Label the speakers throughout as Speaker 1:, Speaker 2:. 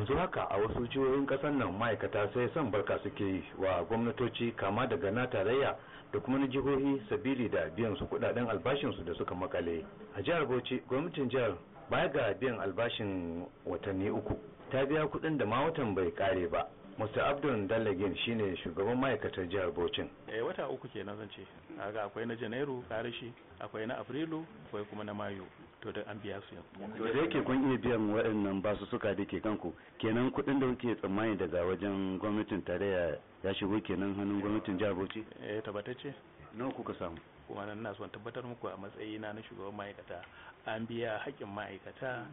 Speaker 1: yanzu haka a wasu jihohin kasar nan ma'aikata sai son barka suke yi wa gwamnatoci kama daga na tarayya da kuma na jihohi sabili da biyan su kudaden albashinsu da suka makale a jihar bauchi gwamnatin jihar baya ga biyan albashin watanni uku ta biya kudin da ma watan bai kare ba Mr. Abdul Dallagin shine shugaban ma'aikatar jihar bocin.
Speaker 2: e eh, wata uku kenan zan ce. Kaga akwai na Janairu karishi, akwai na Afrilu, akwai kuma na Mayu. To da an biya su yanzu. To da yake kun iya
Speaker 1: biyan waɗannan basu suka da ke kanku. Kenan kuɗin da kuke tsammani daga wajen gwamnatin tarayya ya shigo kenan hannun gwamnatin
Speaker 2: jihar bocin Eh tabbatacce. Nawa kuka samu? kuma nan na son tabbatar muku a matsayina na shugaban ma'aikata an biya haƙƙin ma'aikata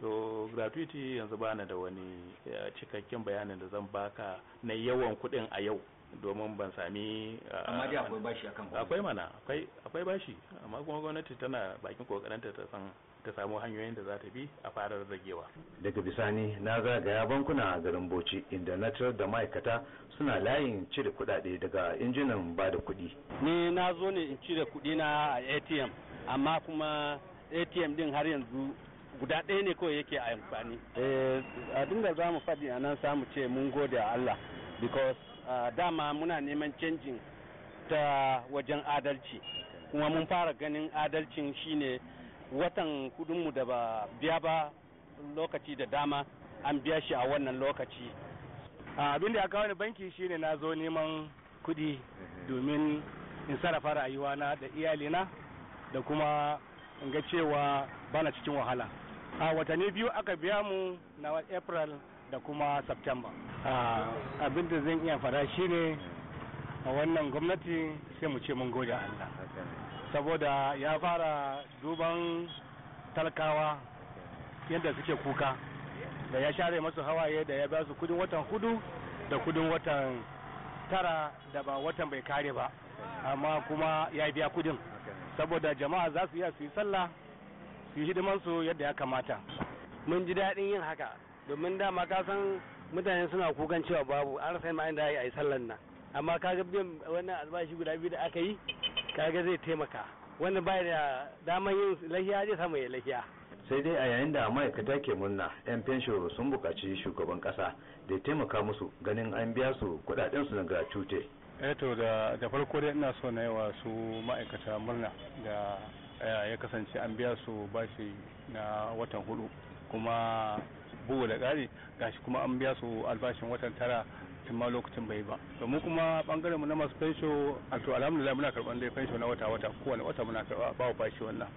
Speaker 2: to gratuity yanzu bana da wani eh, cikakken bayanin da zan baka na yawan kuɗin a yau domin ban sami ah, amma dai akwai
Speaker 1: bashi akan akwai
Speaker 2: mana akwai akwai bashi amma kuma gwamnati tana bakin kokarin ta san ta samu hanyoyin da za ta bi a farar ragewa
Speaker 1: daga bisani na zagaya bankuna a garin Bauchi inda na tarar da ma'aikata suna layin cire kuɗaɗe daga injinan ba da kuɗi
Speaker 3: ni na zo ne in cire kudi na a ATM amma kuma ATM din har yanzu guda ɗaya ne kawai yake a amfani eh, a dinga za mu faɗi a nan samu ce mun gode a Allah because uh, dama muna neman canjin ta wajen adalci kuma mun fara ganin adalcin shine watan kudinmu da ba biya ba lokaci da dama an biya shi a wannan lokaci abin da ya kawo ni banki shine na zo neman kudi domin in sarrafa rayuwa rayuwana da iyalina da kuma in ga cewa bana cikin wahala a watanni biyu aka biya mu na april da kuma September. Ah, Abinda da zan iya fara shi ne a wannan gwamnati sai mu ce mun gode Allah. Saboda ya fara duban talkawa yadda suke kuka da ya share masu hawaye da ya ba su kudin watan hudu da kudin watan tara da ba watan bai kare ba amma kuma ya biya kudin saboda jama'a za su iya su yi sallah su yi hidimansu yadda ya kamata mun ji daɗin yin haka domin dama ka san mutane suna kukan cewa babu an rasa ma inda a yi sallan nan amma kaga biyan wannan albashi guda biyu da aka yi kaga zai taimaka wani bai da damar yin lahiya zai samu ya lahiya
Speaker 1: sai dai a yayin da ma'aikata ke murna 'yan fenshoro sun buƙaci shugaban ƙasa da ya taimaka musu ganin an biya su kuɗaɗen su na cute
Speaker 3: eh da da farko dai ina so na yawa su ma'aikata murna da eh, ya kasance an biya su bashi na watan hudu kuma bugu da ƙari gashi kuma an biya su albashin watan tara tun ma lokacin bai ba mu kuma bangaren mu na masu fensho a to alhamdulillah muna karɓar dai fensho na wata wata kowane wata muna karɓa ba bashi wannan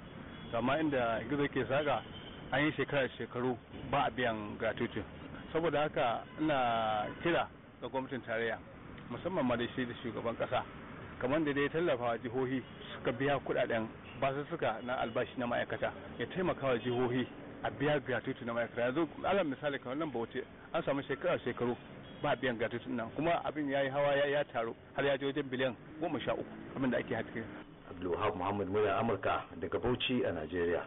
Speaker 3: amma inda gizo ke saka an yi shekara shekaru ba a biyan gratuity saboda haka ina kira ga gwamnatin tarayya musamman ma da shi da shugaban kasa kamar da dai tallafa jihohi suka biya kudaden basussuka na albashi na ma'aikata ya taimaka wa jihohi a biya gratuity na ma'aikata yanzu alal misali kamar nan bauchi an samu shekara shekaru ba biyan gratuity nan kuma abin ya yi hawa ya taru har ya je wajen biliyan goma sha uku abin da ake haske.
Speaker 1: Abdulwahab Muhammad Murya Amurka daga Bauchi a Najeriya.